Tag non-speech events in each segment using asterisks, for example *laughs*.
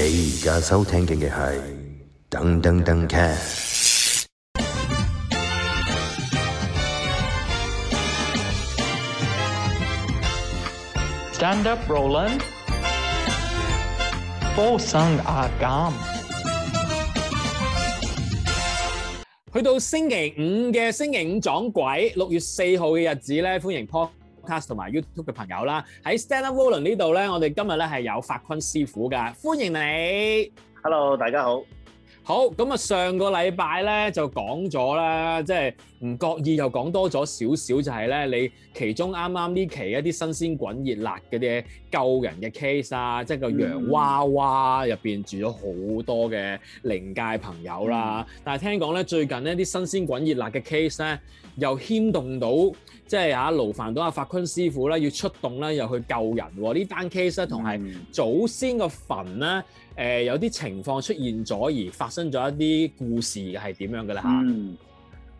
你而家收聽嘅係《噔噔噔 K》。Stand up, Roland。For some 阿 Gam。去到星期五嘅星期五撞鬼，六月四號嘅日子呢，歡迎 Pop。同埋 YouTube 嘅朋友啦，喺 Stand Up Volun 呢度咧，我哋今日咧係有法坤師傅噶，歡迎你。Hello，大家好。好咁啊，上個禮拜咧就講咗啦，即係唔覺意又講多咗少少，就係、是、咧你其中啱啱呢期一啲新鮮滾熱辣嗰啲嘢救人嘅 case 啊，即係個洋娃娃入邊住咗好多嘅靈界朋友啦。但係聽講咧最近呢啲新鮮滾熱辣嘅 case 咧又牽動到，即係啊，勞煩到阿、啊、法坤師傅咧要出動咧又去救人喎、啊。呢單 case 咧同係祖先個墳咧。誒、呃、有啲情況出現咗，而發生咗一啲故事係點樣嘅啦嚇？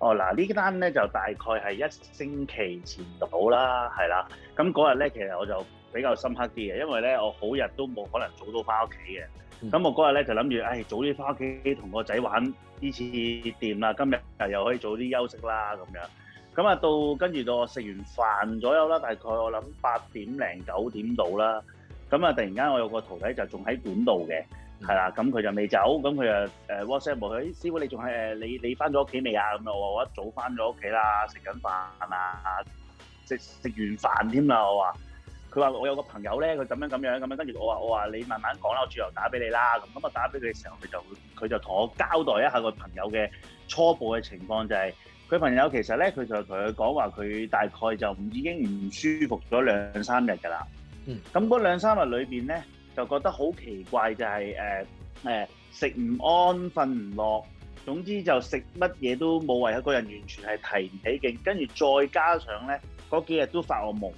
哦嗱，呢單咧就大概係一星期前到啦，係啦。咁嗰日咧，其實我就比較深刻啲嘅，因為咧我好日都冇可能早到返屋企嘅。咁我嗰日咧就諗住，唉、哎，早啲返屋企同個仔玩呢次電啦，今日又可以早啲休息啦咁樣。咁啊，到跟住到我食完飯左，左右啦，大概我諗八點零九點到啦。咁啊！突然間，我有個徒弟就仲喺管道嘅，係啦，咁、嗯、佢、嗯嗯、就未走，咁佢就誒 WhatsApp 我，佢，師傅你仲係誒？你你翻咗屋企未啊？咁我我一早翻咗屋企啦，食緊飯啊，食食完飯添啦，我話。佢話我有個朋友咧，佢咁樣咁樣咁樣，跟住我話我話你慢慢講啦，我轉頭打俾你啦。咁咁啊，我打俾佢嘅時候，佢就佢就同我交代一下個朋友嘅初步嘅情況，就係、是、佢朋友其實咧，佢就同佢講話，佢大概就已經唔舒服咗兩三日㗎啦。咁嗰兩三日裏邊咧，就覺得好奇怪，就係誒誒食唔安、瞓唔落，總之就食乜嘢都冇謂，一個人完全係提唔起勁。跟住再加上咧，嗰幾日都發惡夢。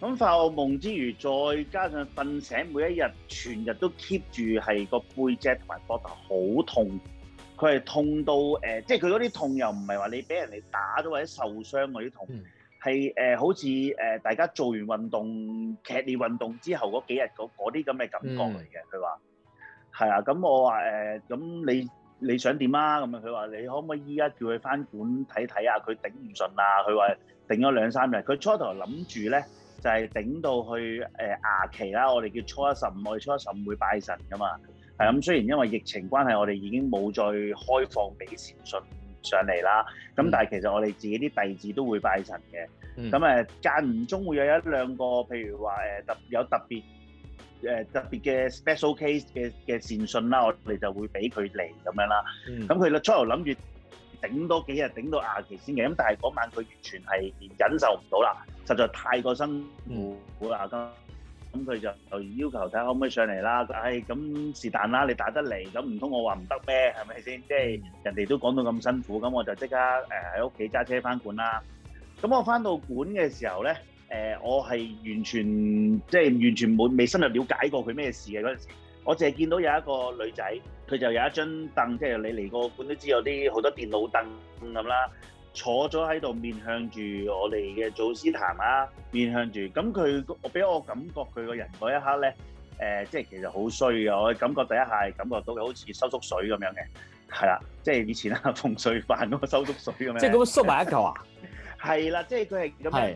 咁發惡夢之餘，再加上瞓醒每一日，全日都 keep 住係個背脊同埋膊頭好痛。佢係痛到誒、呃，即係佢嗰啲痛又唔係話你俾人哋打咗或者受傷嗰啲痛。嗯係誒、呃，好似誒、呃、大家做完運動劇烈運動之後嗰幾日嗰啲咁嘅感覺嚟嘅。佢話係啊，咁我話誒，咁、呃、你你想點啊？咁樣佢話你可唔可以依家叫佢返館睇睇啊？佢頂唔順啊，佢話頂咗兩三日。佢初頭諗住咧，就係、是、頂到去誒牙期啦。我哋叫初一十五，我哋初一十五會拜神噶嘛。係咁、啊，雖然因為疫情關係，我哋已經冇再開放俾善信上嚟啦，咁但係其實我哋自己啲弟子都會拜神嘅，咁誒、嗯、間唔中會有一兩個，譬如話誒特有特別誒、呃、特別嘅 special case 嘅嘅善信啦，我哋就會俾佢嚟咁樣啦。咁佢咧初頭諗住頂多幾日頂到廿期先嘅，咁但係嗰晚佢完全係忍受唔到啦，實在太過辛苦啦，咁、嗯。咁佢就要求睇可唔可以上嚟啦，唉，咁是但啦，你打得嚟，咁唔通我話唔、就是、得咩？係咪先？即係人哋都講到咁辛苦，咁我就即刻誒喺屋企揸車翻館啦。咁我翻到館嘅時候咧，誒、呃、我係完全即係、就是、完全冇未深入了解過佢咩事嘅嗰陣時，我淨係見到有一個女仔，佢就有一張凳，即、就、係、是、你嚟過館都知有啲好多電腦凳咁啦。坐咗喺度，面向住我哋嘅祖師壇啊，面向住，咁佢我俾我感覺佢個人嗰一刻咧，誒、呃，即係其實好衰啊。我感覺第一下係感覺到佢好似收縮水咁樣嘅，係啦，即係以前啊，風水泛咁收縮水咁樣， *laughs* 樣、啊、 *laughs* 樣。的即係咁縮埋一嚿啊。係啦，即係佢係咁樣，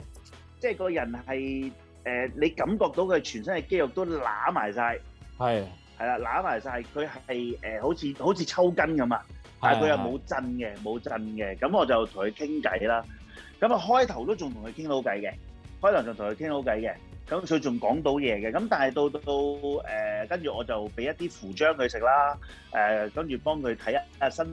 即係個人係誒、呃，你感覺到佢全身嘅肌肉都攬埋晒，係係啦，攬埋晒。佢係誒好似好似抽筋咁啊！但係佢又冇震嘅，冇震嘅，咁我就同佢傾偈啦。咁啊，開頭都仲同佢傾到偈嘅，開頭仲同佢傾到偈嘅，咁佢仲講到嘢嘅。咁但係到到誒，跟住我就俾一啲符章佢食啦。誒、呃，跟住幫佢睇一啊身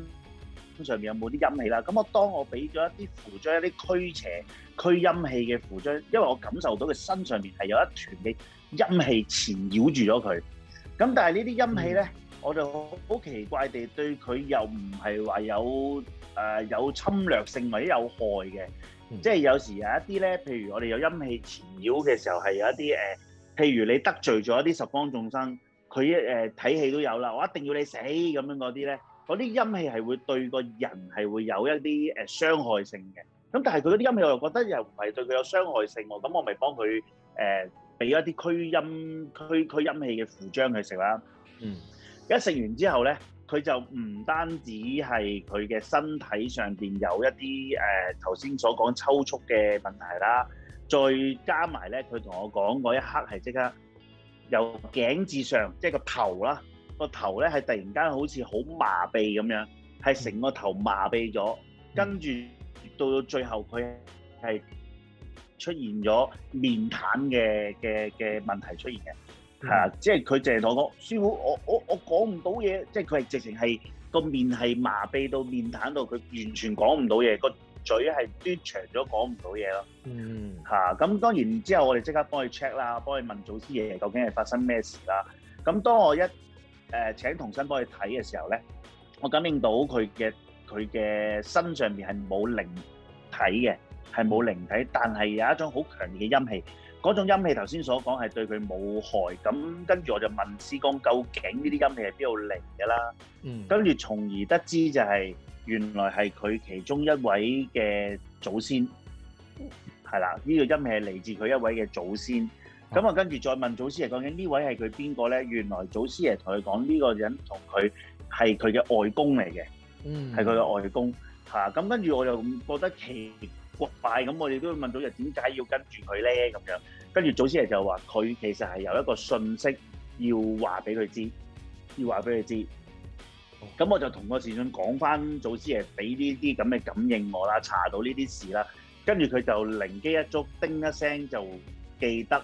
上面有冇啲陰氣啦。咁我當我俾咗一啲符章，一啲驅邪驅陰氣嘅符章，因為我感受到佢身上面係有一團嘅陰氣纏繞住咗佢。咁但係呢啲陰氣咧。嗯我就好奇怪地對佢又唔係話有誒有侵略性或者有害嘅，即係有時有一啲咧，譬如我哋有陰氣纏繞嘅時候，係有一啲誒，譬如你得罪咗一啲十方眾生，佢誒睇戲都有啦，我一定要你死咁樣嗰啲咧，嗰啲陰氣係會對個人係會有一啲誒傷害性嘅。咁但係佢嗰啲陰氣，我又覺得又唔係對佢有傷害性喎。咁我咪幫佢誒俾一啲驅陰驅驅陰氣嘅符章佢食啦。嗯。一食完之後咧，佢就唔單止係佢嘅身體上邊有一啲誒頭先所講抽搐嘅問題啦，再加埋咧，佢同我講嗰一刻係即刻由頸至上，即係個頭啦，個頭咧係突然間好似好麻痹咁樣，係成個頭麻痹咗，跟住到到最後佢係出現咗面癱嘅嘅嘅問題出現嘅。係、啊、即係佢淨係同我講師傅，我我我講唔到嘢，即係佢係直情係個面係麻痹到面癱到，佢完全講唔到嘢，個嘴係嘟長咗講唔到嘢咯。嗯，嚇咁、啊、當然之後我哋即刻幫佢 check 啦，幫佢問祖師爺究竟係發生咩事啦、啊。咁當我一誒、呃、請童生幫佢睇嘅時候咧，我感應到佢嘅佢嘅身上面係冇靈體嘅。係冇靈體，但係有一種好強烈嘅陰氣，嗰種陰氣頭先所講係對佢冇害。咁跟住我就問師公究竟呢啲陰氣係邊度嚟噶啦？嗯，跟住從而得知就係原來係佢其中一位嘅祖先，係啦，呢個陰氣係嚟自佢一位嘅祖先。咁啊、嗯，跟住再問祖師係講緊呢位係佢邊個咧？原來祖師係同佢講呢個人同佢係佢嘅外公嚟嘅，嗯，係佢嘅外公嚇。咁跟住我就覺得奇。國債咁，我哋都問到又點解要跟住佢咧？咁樣，跟住祖師爺就話佢其實係有一個訊息要話俾佢知，要話俾佢知。咁、嗯、我就同個時訊講返祖師爺俾呢啲咁嘅感應我啦，查到呢啲事啦。跟住佢就靈機一觸，叮一聲就記得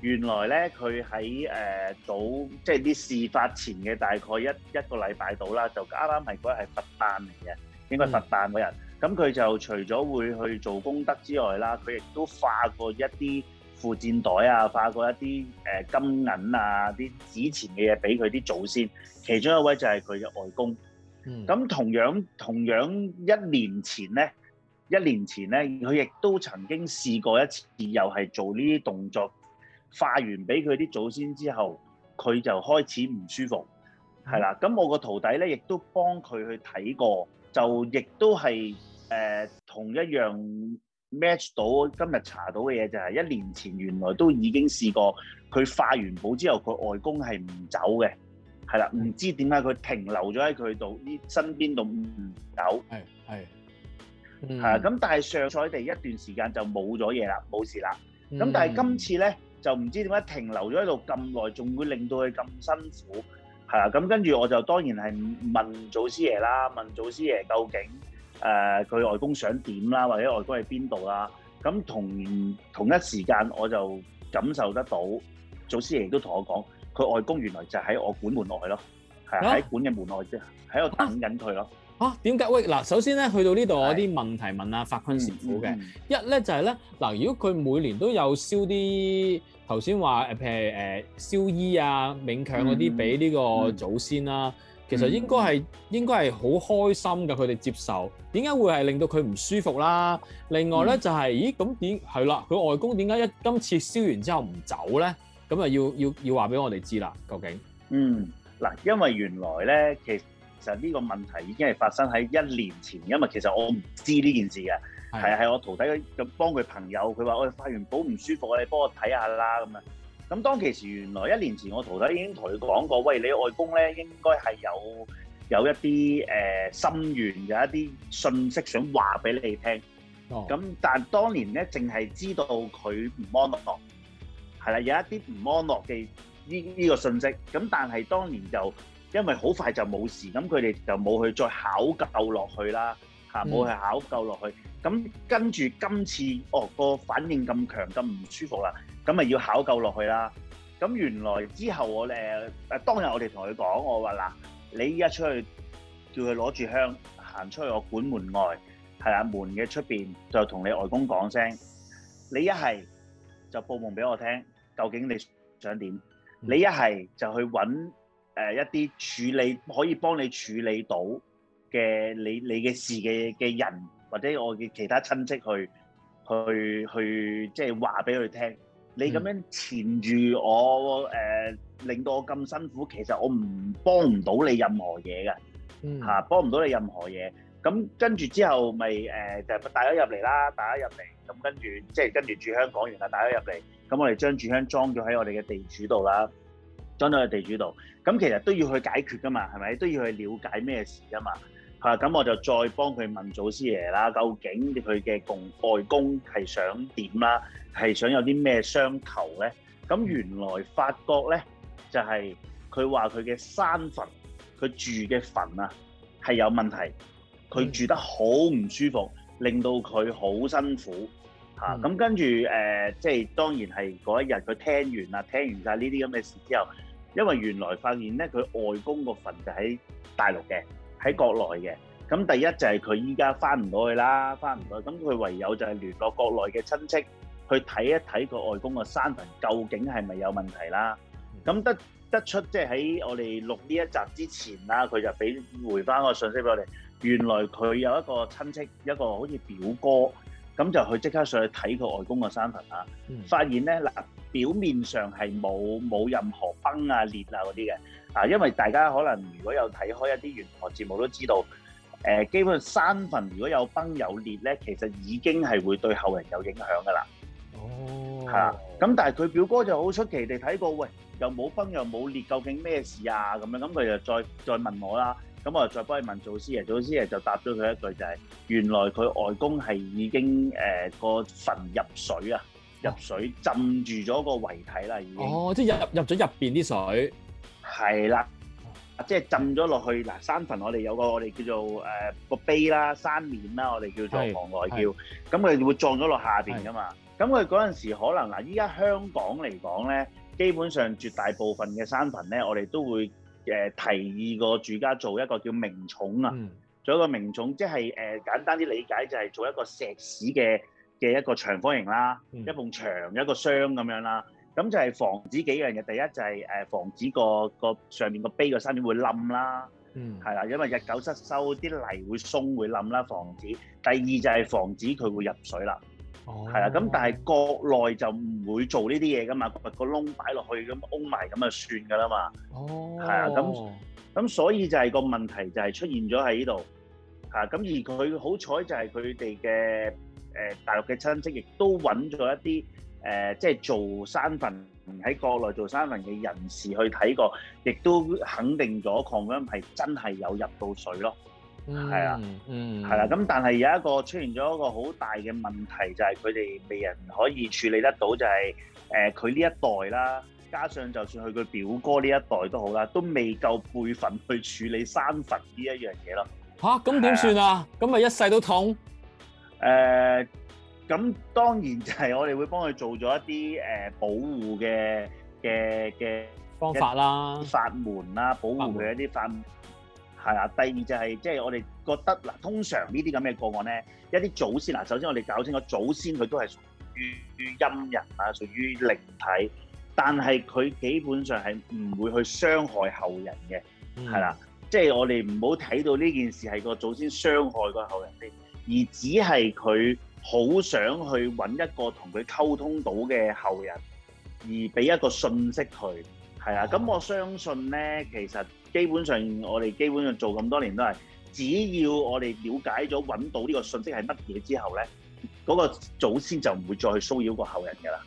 原來咧，佢喺誒早即係啲事發前嘅大概一一個禮拜到啦，就啱啱係嗰日係佛誕嚟嘅，應該佛誕嗰日。咁佢就除咗會去做功德之外啦，佢亦都化過一啲附薦袋啊，化過一啲誒金銀啊，啲紙錢嘅嘢俾佢啲祖先。其中一位就係佢嘅外公。咁、嗯、同樣同樣一年前呢，一年前呢，佢亦都曾經試過一次，又係做呢啲動作，化完俾佢啲祖先之後，佢就開始唔舒服。係、嗯、啦，咁我個徒弟呢，亦都幫佢去睇過。就亦都係誒同一樣 match 到今日查到嘅嘢，就係一年前原來都已經試過，佢化完寶之後，佢外公係唔走嘅，係啦，唔知點解佢停留咗喺佢度呢身邊度唔走，係係，係啊，咁但係上賽地一段時間就冇咗嘢啦，冇事啦，咁但係今次咧就唔知點解停留咗喺度咁耐，仲會令到佢咁辛苦。係啦，咁跟住我就當然係問祖師爺啦，問祖師爺究竟誒佢、呃、外公想點啦，或者外公喺邊度啦？咁同同一時間我就感受得到，祖師爺都同我講，佢外公原來就喺我館門外咯，係喺館嘅門外啫，喺度等緊佢咯。嚇，點解喂，嗱？首先咧，去到呢度是我啲問題問啊法坤神父嘅，一咧就係咧嗱，如果佢每年都有燒啲頭先話誒譬如誒燒衣啊、冥鏹嗰啲俾呢個祖先啦、啊，嗯嗯、其實應該係應該係好開心嘅，佢哋接受點解會係令到佢唔舒服啦？另外咧就係、是、咦咁點係啦？佢外公點解一今次燒完之後唔走咧？咁啊要要要話俾我哋知啦，究竟嗯嗱，因為原來咧其。其實呢個問題已經係發生喺一年前，因為其實我唔知呢件事嘅，係係的我徒弟咁幫佢朋友，佢話我發完寶唔舒服，你幫我睇下啦咁樣。咁當其時原來一年前我徒弟已經同佢講過，喂你外公咧應該係有有一啲誒、呃、心願，有一啲信息想話俾你聽。咁、哦、但當年咧，淨係知道佢唔安樂，係啦，有一啲唔安樂嘅呢呢個信息。咁但係當年就。因為好快就冇事，咁佢哋就冇去再考究落去啦，嚇冇去考究落去。咁跟住今次哦個反應咁強咁唔舒服啦，咁咪要考究落去啦。咁原來之後我誒當日我哋同佢講，我話嗱，你而家出去叫佢攞住香行出去我館門外，係啊門嘅出邊就同你外公講聲。你一係就報夢俾我聽，究竟你想點？你一係就去揾。誒、呃、一啲處理可以幫你處理到嘅你你嘅事嘅嘅人，或者我嘅其他親戚去去去，去，即係話俾佢聽。你咁樣纏住我誒、呃，令到我咁辛苦，其實我唔幫唔到你任何嘢嘅，嚇、嗯啊、幫唔到你任何嘢。咁、啊、跟住之後咪誒、呃、就帶咗入嚟啦，帶咗入嚟。咁跟住即係跟住主香講完啦，帶咗入嚟。咁我哋將主香裝咗喺我哋嘅地主度啦。裝咗喺地主度，咁其實都要去解決㗎嘛，係咪都要去了解咩事㗎嘛？嚇、啊，咁我就再幫佢問祖師爺啦，究竟佢嘅供外公係想點啦、啊？係想有啲咩相求咧？咁原來發覺咧，就係佢話佢嘅山墳，佢住嘅墳啊，係有問題，佢住得好唔舒服，令到佢好辛苦。嚇！咁、嗯、跟住誒、呃，即係當然係嗰一日，佢聽完啦，聽完晒呢啲咁嘅事之後，因為原來發現咧，佢外公個墳就喺大陸嘅，喺國內嘅。咁第一就係佢依家翻唔到去啦，翻唔到去。咁佢唯有就係聯絡國內嘅親戚，去睇一睇個外公嘅山墳究竟係咪有問題啦。咁、嗯、得得出即係喺我哋錄呢一集之前啦，佢就俾回翻個信息俾我哋。原來佢有一個親戚，一個好似表哥。咁就去即刻上去睇佢外公個山墳啦，發現咧嗱表面上係冇冇任何崩啊裂啊嗰啲嘅，啊因為大家可能如果有睇開一啲玄學節目都知道，誒、呃、基本上山墳如果有崩有裂咧，其實已經係會對後人有影響噶啦。哦。係啦、啊，咁但係佢表哥就好出奇地睇過，喂又冇崩又冇裂，究竟咩事啊？咁樣咁佢就再再問我啦。咁我再幫你問祖師爺，祖師爺就答咗佢一句就係：原來佢外公係已經誒個墳入水啊，入水浸住咗個遺體啦，已經。哦，即係入入咗入邊啲水。係啦，即係浸咗落去嗱，山墳我哋有個我哋叫做誒個碑啦、山面啦，我哋叫做望外橋，咁佢哋會撞咗落下邊噶嘛。咁佢嗰陣時可能嗱，依家香港嚟講咧，基本上絕大部分嘅山墳咧，我哋都會。誒、呃、提議個住家做一個叫名寵啊，嗯、做一個名寵，即係誒、呃、簡單啲理解就係做一個石屎嘅嘅一個長方形啦，嗯、一埲牆一個箱咁樣啦，咁就係防止幾樣嘢，第一就係、是、誒、呃、防止個個上面個碑個山頂會冧啦，係、嗯、啦，因為日久失修啲泥會鬆會冧啦，防止；第二就係防止佢會入水啦。係啊，咁、oh. 但係國內就唔會做呢啲嘢噶嘛，個個窿擺落去咁，孭埋咁啊算㗎啦嘛。哦、oh.，係啊，咁咁所以就係個問題就係出現咗喺呢度嚇，咁而佢好彩就係佢哋嘅誒大陸嘅親戚亦都揾咗一啲誒即係做山墳喺國內做山墳嘅人士去睇過，亦都肯定咗抗原係真係有入到水咯。係啊，係啦、嗯，咁但係有一個出現咗一個好大嘅問題，就係佢哋未人可以處理得到，就係誒佢呢一代啦，加上就算佢個表哥呢一代都好啦，都未夠輩份去處理山墳呢一樣嘢咯。吓，咁點算啊？咁咪的一世都痛。誒、呃，咁當然就係我哋會幫佢做咗一啲誒保護嘅嘅嘅方法啦，法門啦，保護佢一啲法。係啊，第二就係即係我哋覺得嗱，通常呢啲咁嘅個案咧，一啲祖先嗱，首先我哋搞清楚祖先佢都係屬於陰人啊，屬於靈體，但係佢基本上係唔會去傷害後人嘅，係啦、嗯，即係、即係、我哋唔好睇到呢件事係個祖先傷害個後人先，而只係佢好想去揾一個同佢溝通到嘅後人，而俾一個訊息佢，係啊，咁、嗯、我相信咧，其實。基本上我哋基本上做咁多年都係，只要我哋了解咗揾到呢個信息係乜嘢之後咧，嗰個祖先就唔會再去騷擾個後人㗎啦。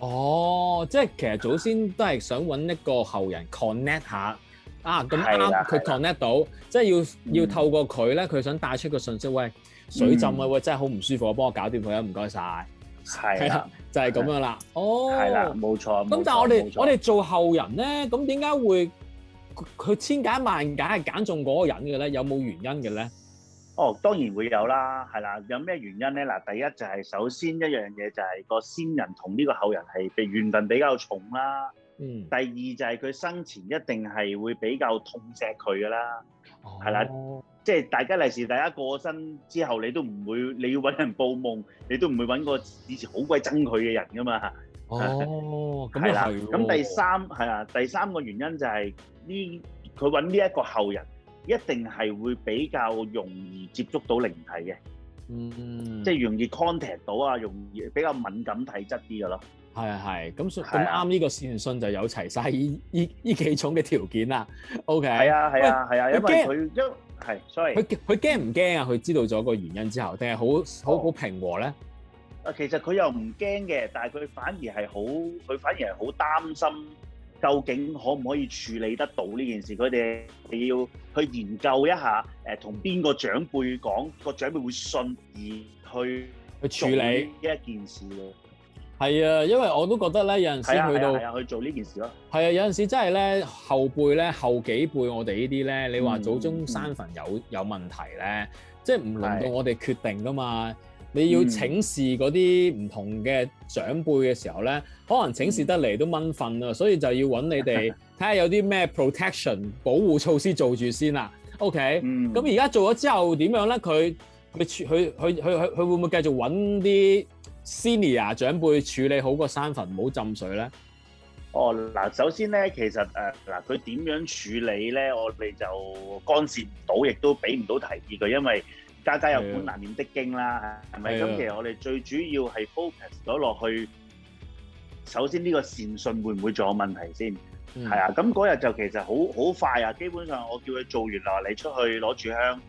哦，即係其實祖先都係想揾一個後人 connect 下啊，咁啱佢 connect 到，即係要要透過佢咧，佢想帶出個信息，喂，水浸啊，係，喂，真係好唔舒服，幫我搞掂佢啊，唔該晒。係啊係，就係咁樣啦。哦，係啦，冇錯。咁但係我哋冇錯，我哋做後人咧，咁點解會？佢千揀萬揀係揀中嗰個人嘅咧，有冇原因嘅咧？哦，當然會有啦，係啦。有咩原因咧？嗱，第一就係首先一樣嘢就係個先人同呢個後人係緣分比較重啦。嗯。第二就係佢生前一定係會比較痛錫佢㗎啦，係、哦、啦。即、就、係、是、大家離世，大家過身之後，你都唔會，你要揾人報夢，你都唔會揾個以前好鬼憎佢嘅人㗎嘛。哦。係、啊、啦。咁第三係啊，第三個原因就係、是。呢佢揾呢一個後人，一定係會比較容易接觸到靈體嘅，嗯，即係容易 contact 到啊，容易比較敏感體質啲嘅咯。係係、啊，咁咁啱呢個線信就有齊晒，依呢依幾種嘅條件啦。OK、啊。係啊係啊係啊，因為佢怕因係 sorry 佢佢驚唔驚啊？佢知道咗個原因之後，定係好好好平和咧？啊，其實佢又唔驚嘅，但係佢反而係好，佢反而係好擔心。究竟可唔可以處理得到呢件事？佢哋你要去研究一下，誒，同邊個長輩講，個長輩會信而去去處理呢一件事嘅。係啊，因為我都覺得咧，有陣時去到、啊啊啊、去做呢件事咯。係啊，有陣時真係咧，後輩咧、後幾輩，我哋呢啲咧，你話祖宗山墳有有問題咧，嗯嗯、即係唔輪到我哋決定㗎嘛。你要請示嗰啲唔同嘅長輩嘅時候咧，可能請示得嚟都蚊瞓啊，所以就要揾你哋睇下有啲咩 protection 保護措施做住先啦。OK，咁而家做咗之後點樣咧？佢佢處佢佢佢佢會唔會繼續揾啲 senior 長輩處理好個山墳唔好浸水咧？哦，嗱，首先咧，其實誒嗱，佢、呃、點樣處理咧，我哋就干涉唔到，亦都俾唔到提議佢，因為。家家有本難念的經啦，係咪、啊？咁、啊、其實我哋最主要係 focus 咗落去，首先呢個善信會唔會仲有問題先？係、嗯、啊，咁嗰日就其實好好快啊，基本上我叫佢做完喇，你出去攞住香，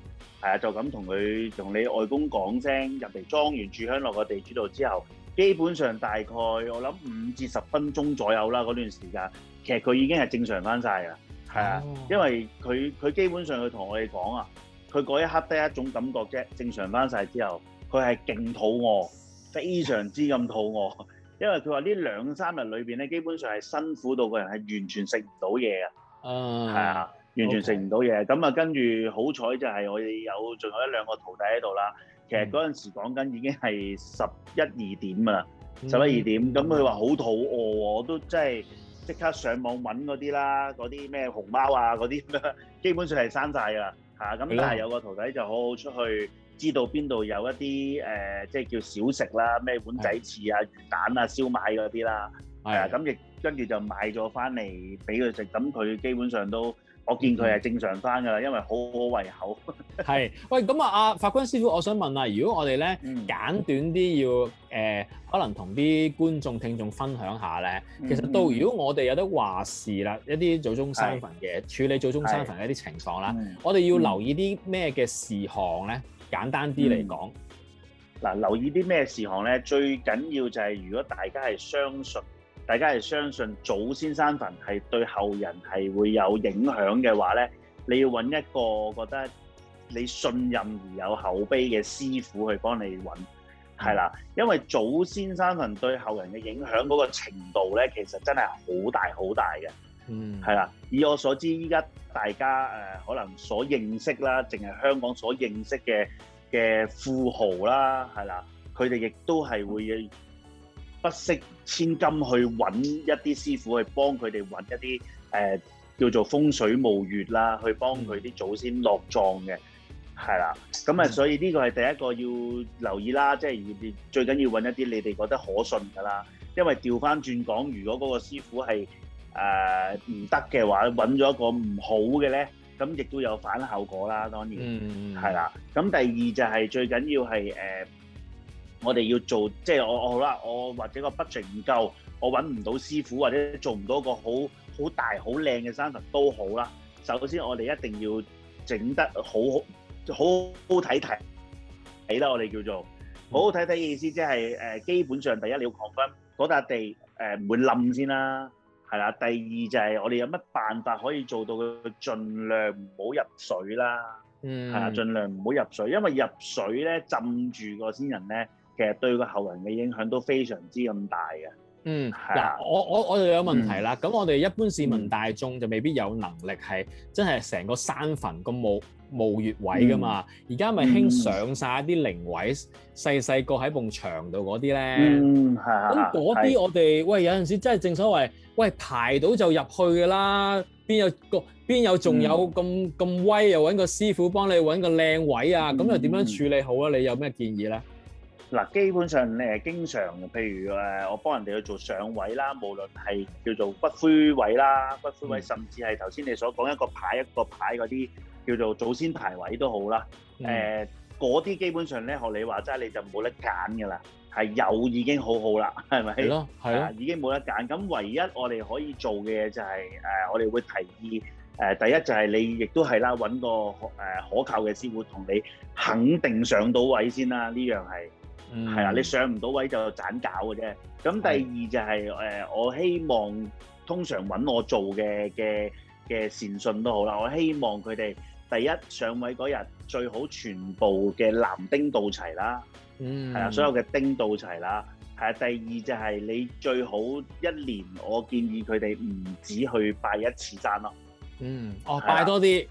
係啊，就咁同佢同你外公講聲入嚟裝完住香落個地主度之後，基本上大概我諗五至十分鐘左右啦，嗰段時間其實佢已經係正常翻曬㗎，係啊，哦、因為佢佢基本上佢同我哋講啊。佢嗰一刻得一種感覺啫，正常翻晒之後，佢係勁肚餓，非常之咁肚餓。因為佢話呢兩三日裏邊咧，基本上係辛苦到個人係完全食唔到嘢啊，係啊、uh,，完全食唔到嘢。咁啊 okay.，跟住好彩就係我哋有仲有一兩個徒弟喺度啦。其實嗰陣時講緊已經係十一二點啊，十一二點，咁佢話好肚餓，我都真係即刻上網揾嗰啲啦，嗰啲咩熊貓啊嗰啲咁樣，基本上係閂晒㗎。啊，咁但係有個徒弟就好好出去，知道邊度有一啲誒、呃，即係叫小食啦，咩碗仔翅啊、魚蛋啊、燒賣嗰啲啦，係的啊，咁亦跟住就買咗返嚟俾佢食，咁佢基本上都。我見佢係正常翻㗎啦，因為好好胃口。係， *laughs* 喂，咁啊，阿法官師傅，我想問啊，如果我哋咧、嗯、簡短啲，要、呃、誒可能同啲觀眾聽眾分享下咧，嗯、其實到如果我哋有得話事啦，一啲祖宗山墳嘅處理祖宗山墳一啲情況啦，我哋要留意啲咩嘅事項咧？嗯、簡單啲嚟講，嗱、嗯嗯，留意啲咩事項咧？最緊要就係如果大家係相信。大家係相信祖先山墳係對後人係會有影響嘅話咧，你要揾一個覺得你信任而有口碑嘅師傅去幫你揾，係啦，因為祖先山墳對後人嘅影響嗰個程度咧，其實真係好大好大嘅。嗯，係啦，以我所知，依家大家誒、呃、可能所認識啦，淨係香港所認識嘅嘅富豪啦，係啦，佢哋亦都係會，不惜千金去揾一啲師傅去幫佢哋揾一啲誒、呃、叫做風水墓穴啦，去幫佢啲祖先落葬嘅，係啦、嗯。咁啊，所以呢個係第一個要留意啦，即、就、係、係、最緊要揾一啲你哋覺得可信㗎啦。因為調翻轉講，如果嗰個師傅係誒唔得嘅話，揾咗一個唔好嘅咧，咁亦都有反效果啦。當然係啦。咁第二就係、係、最緊要係誒。呃我哋要做，即係我我好啦，我或者個 budget 唔夠，我揾唔到師傅或者做唔到個好好大好靚嘅山墳都好啦。首先我哋一定要整得好，好好看看好好睇睇睇得我哋叫做好好睇睇嘅意思，就是，即係誒基本上第一你要確保嗰笪地誒唔、呃、會冧先啦，係啦。第二就係我哋有乜辦法可以做到佢儘量唔好入水啦，嗯，係啊，儘量唔好入水，因為入水咧浸住個先人咧。其實對個後人嘅影響都非常之咁大嘅。嗯，嗱，我我我哋有問題啦。咁、嗯、我哋一般市民大眾就未必有能力係真係成個山墳咁冇冇穴位噶嘛。而家咪興上晒啲靈位，細細個喺埲牆度嗰啲咧。嗯，係啊。咁嗰啲我哋喂有陣時真係正所謂喂排到就入去噶啦，邊有個邊有仲有咁咁、嗯、威又揾個師傅幫你揾個靚位啊？咁又點樣處理好啊？你有咩建議咧？嗱，基本上誒經常，譬如誒我幫人哋去做上位啦，無論係叫做骨灰位啦、骨灰位，甚至係頭先你所講一個牌一個牌嗰啲叫做祖先牌位都好啦，誒嗰啲基本上咧學你話齋你就冇得揀㗎啦，係有已經好好啦，係咪？係咯，係啊，已經冇得揀。咁唯一我哋可以做嘅嘢就係、是、誒、呃、我哋會提議誒、呃、第一就係你亦都係啦，揾個誒可靠嘅師傅同你肯定上到位先啦，呢樣係。係啦、mm hmm.，你上唔到位就盞搞嘅啫。咁第二就係、是、誒的、呃，我希望通常揾我做嘅嘅嘅善信都好啦，我希望佢哋第一上位嗰日最好全部嘅藍丁到齊啦，係啊、mm hmm.，所有嘅丁到齊啦。係啊，第二就係你最好一年我建議佢哋唔止去拜一次山咯。嗯，哦，拜多啲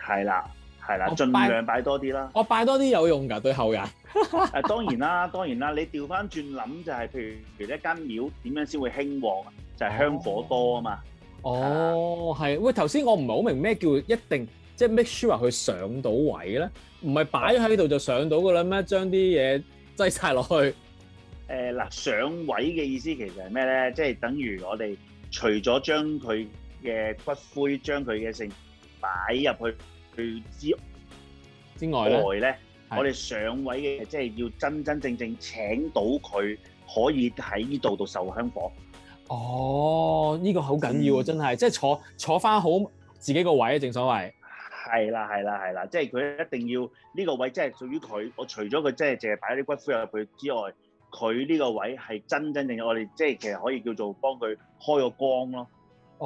係啦。係啦，儘量擺多啲啦。我擺、哦、多啲有用噶對後人。誒、 *laughs* 啊、當然啦，當然啦。你調翻轉諗就係，譬如譬如一間廟點樣先會興旺啊？就係、是、香火多啊嘛。哦，係、啊、喂，頭先我唔係好明咩叫一定，即、就、係、是、make sure 話佢上到位咧，唔係擺喺呢度就上到噶啦咩？將啲嘢擠晒落去。誒嗱、呃，上位嘅意思其實係咩咧？即、就、係、是、等於我哋除咗將佢嘅骨灰，將佢嘅性擺入去。去之之外咧，我哋上位嘅即係要真真正正請到佢，可以喺呢度度受香火。哦，呢個好緊要啊！真係，即係坐坐翻好自己個位啊！正所謂係啦，係啦，係啦，即係佢一定要呢個位，即係屬於佢。我除咗佢即係淨係擺啲骨灰入去之外，佢呢個位係真真正正，我哋即係其實可以叫做幫佢開個光咯。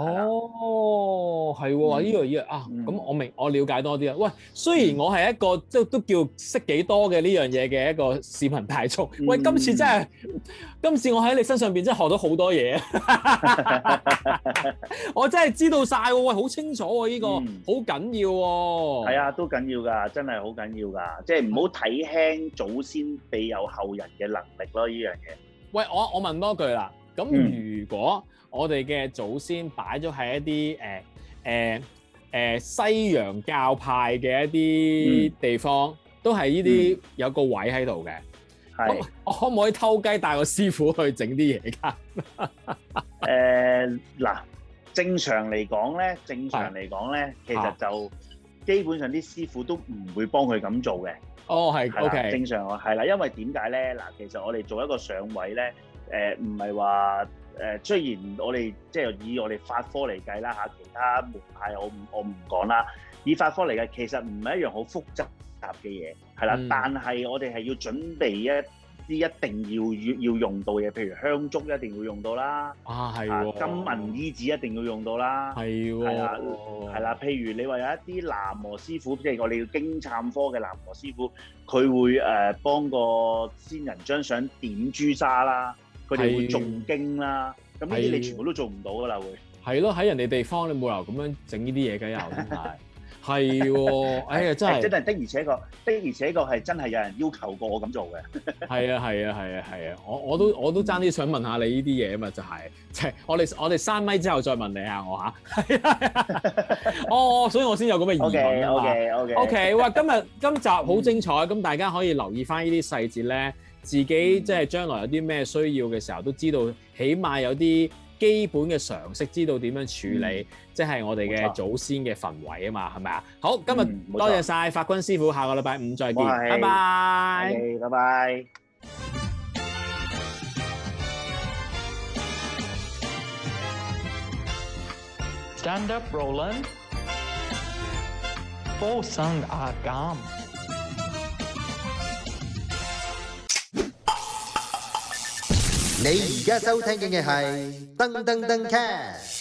哦，係喎，依樣依樣啊！咁、嗯、我明，我了解多啲啦。喂，雖然我係一個即係、嗯、都，都叫識幾多嘅呢樣嘢嘅一個市民大觸，嗯、喂，今次真係，今次我喺你身上邊真係學到好多嘢，我真係知道晒喎，喂，好清楚喎，呢個好緊要喎。係啊，都緊要㗎，真係好緊要㗎，即係唔好睇輕祖先庇佑後人嘅能力咯，呢樣嘢。喂，我我問多句啦。咁、嗯、如果我哋嘅祖先擺咗喺一啲誒誒誒西洋教派嘅一啲地方，嗯、都係呢啲有個位喺度嘅。係是，我可唔可以偷雞帶個師傅去整啲嘢㗎？誒 *laughs* 嗱、呃，正常嚟講咧，正常嚟講咧，其實就基本上啲師傅都唔會幫佢咁做嘅。哦，係了，OK，正常啊，係啦，因為點解咧？嗱，其實我哋做一個上位咧。誒唔係話誒，雖然我哋即係以我哋法科嚟計啦嚇，其他門派我我唔講啦。以法科嚟計其實唔係一樣好複雜嘅嘢，係啦。但係我哋係要準備一啲一定要要用到嘅嘢，譬如香燭一定要用到啦，啊，係金銀衣紙一定要用到啦，係喎，係啦，譬如你話有一啲南無師傅，即係我哋叫經參科嘅南無師傅，佢會誒幫個先人張相點朱砂啦。佢哋會仲驚啦，咁啲的你全部都做唔到㗎喇會。係咯，喺人哋地方你冇理由咁樣整呢啲嘢嘅。又係係喎，哎呀真係，的而且確，確的而且確係真係有人要求過我咁做嘅。係啊係啊係啊係啊，我我都我都爭啲想問下你呢啲嘢啊嘛就係、是，即係我哋我哋閂咪之後再問，問你啊我嚇。 *laughs* 哦，所以我先有咁嘅疑問噶。OK，OK 哇，今日今集好精彩，咁、嗯、大家可以留意翻呢啲細節咧，自己即係將來有啲咩需要嘅時候，都知道起碼有啲基本嘅常識，知道點樣處理，即係、嗯、我哋嘅祖先嘅墳位啊嘛，係咪啊？好，今日、嗯、多謝晒法君師傅，下個禮拜五再見，拜拜，拜拜。Stand up, Roland. 波生阿減，你而家收聽嘅嘢係噔噔噔 cash。